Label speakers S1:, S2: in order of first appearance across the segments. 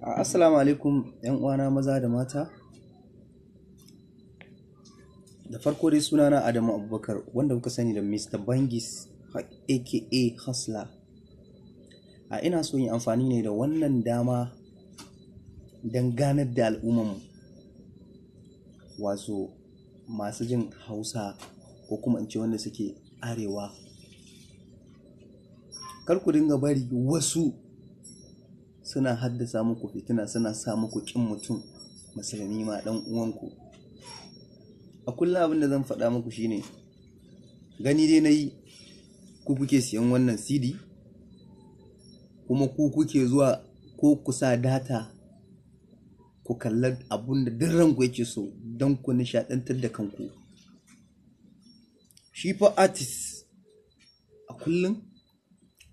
S1: assalamu alaikum yan uwana maza da mata da farko dai sunana adamu abubakar wanda kuka sani da mr bangis aka hustler a ina so yin amfani ne da wannan dama don ganar da al'ummanmu wasu masu jin hausa ko kuma in ce wanda suke arewa kar ku dinga bari wasu suna haddasa muku fitina suna sa muku kin mutum musulmi ma dan uwanku a kullum abin da zan faɗa muku shine gani dai na yi ku kuke siyan wannan cd kuma ku kuke zuwa ko kusa data ku kalla abun da duk ranku yake so don ku nishaɗantar da kanku shi fa artist a kullum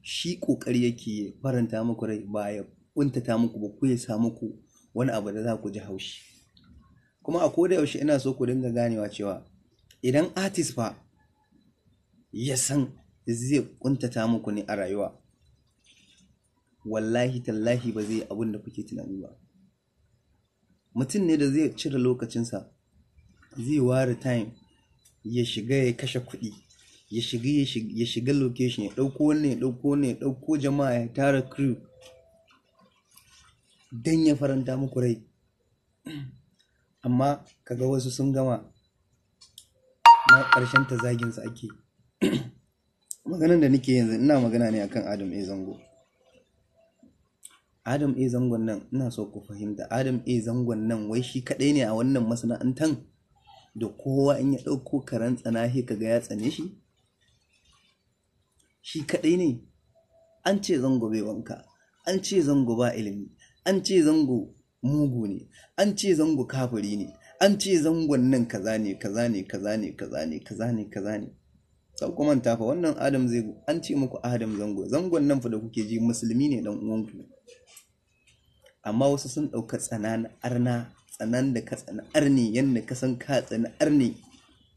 S1: shi ƙoƙari yake faranta muku rai baya. kuntata muku ba ku ya sa muku wani abu da za ku ji haushi kuma a koda yaushe ina so ku dinga ganewa cewa idan artist fa ya san zai kuntata muku ne a rayuwa wallahi tallahi ba zai abin da kuke tunani ba mutum ne da zai cire lokacinsa zai ware time ya shiga ya kashe kuɗi ya shiga location ya ɗauko ne ya ɗauko ne ya ɗauko jama'a ya tara crew don ya faranta muku rai amma kaga wasu sun gama na ƙarshen ta zaginsa ake maganan da nake yanzu ina magana ne akan adam a zango adam a zangon nan ina so ku fahimta adam a zangon nan wai shi kaɗai ne a wannan masana'antan da kowa in ya ɗauko karen tsana he kaga ya tsane shi shi kaɗai ne an ce zango bai wanka an ce zango ba ilimi an ce zango mugu ne an ce zango kafiri ne an ce zangon nan kaza ne kaza ne kaza ne kaza ne kaza ne kaza ne sau kuma fa wannan adam zai an ce muku adam zango zangon nan fa da kuke ji musulmi ne dan uwanku amma wasu sun ɗauka tsanan arna tsanan da ka tsana arni yadda ka san ka tsana arni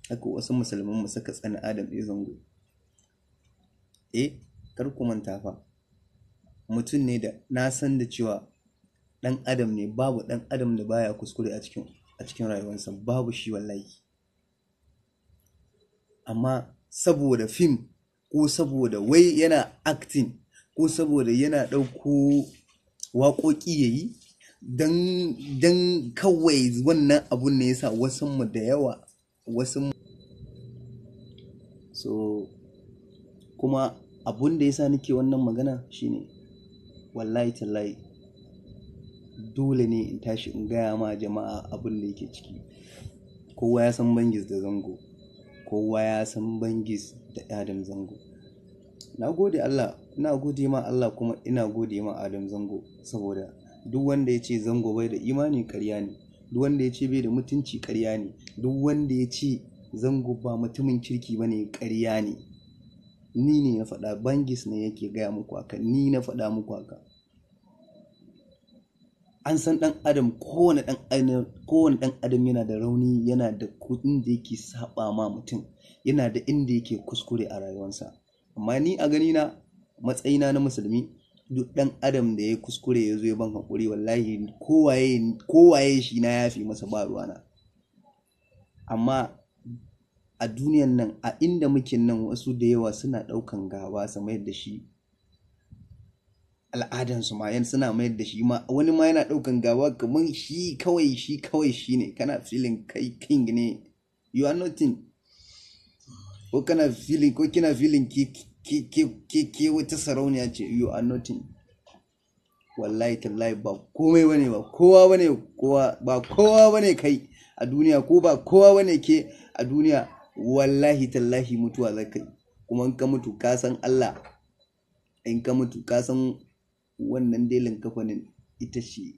S1: haka wasu musulman mu suka tsana adam ɗaya zango eh kar ku manta fa mutum ne da na san da cewa ɗan adam ne babu ɗan adam da baya kuskure a cikin a cikin rayuwarsa babu shi wallahi amma saboda fim ko saboda wai yana acting ko saboda yana ɗauko waƙoƙi ya yi don kawai wannan abun ne yasa mu da yawa wasan so kuma abun da yasa nake wannan magana shine wallahi tallahi dole ne in tashi in gaya ma jama'a abin da yake ciki kowa ya san bangis da zango kowa ya san bangis da adam zango na gode allah ina gode ma allah kuma ina gode ma adam zango saboda duk wanda ya ce zango bai da imani karya ne duk wanda ya ce bai da mutunci karya ne duk wanda ya ce zango ba mutumin kirki ba ne karya ne ni ne na faɗa bangis ne yake gaya muku haka ni na faɗa muku haka an san ɗan adam kowane ɗan adam yana da rauni yana da kudin da yake saba ma mutum yana da inda yake kuskure a rayuwarsa amma ni a gani na matsayina na musulmi duk ɗan adam da ya kuskure ya zo ya ban hakuri wallahi kowaye shi na yafi masa ba ruwana amma a duniyan nan a inda muke nan wasu da yawa suna ɗaukan gaba sama yadda shi al'adansu ma yan suna mayar da shi ma wani ma yana ɗaukan gawa kamar shi kawai shi kawai shi ne kana filin kai king ne you are nothing ko kana filin ko kina filin ki ki wata sarauniya ce you are nothing wallahi tallahi ba komai bane ba kowa bane kowa ba kowa bane kai a duniya ko ba kowa bane ke a duniya wallahi tallahi mutuwa zakai kuma in ka mutu ka san Allah in ka mutu ka san wannan delin kafanin ita ce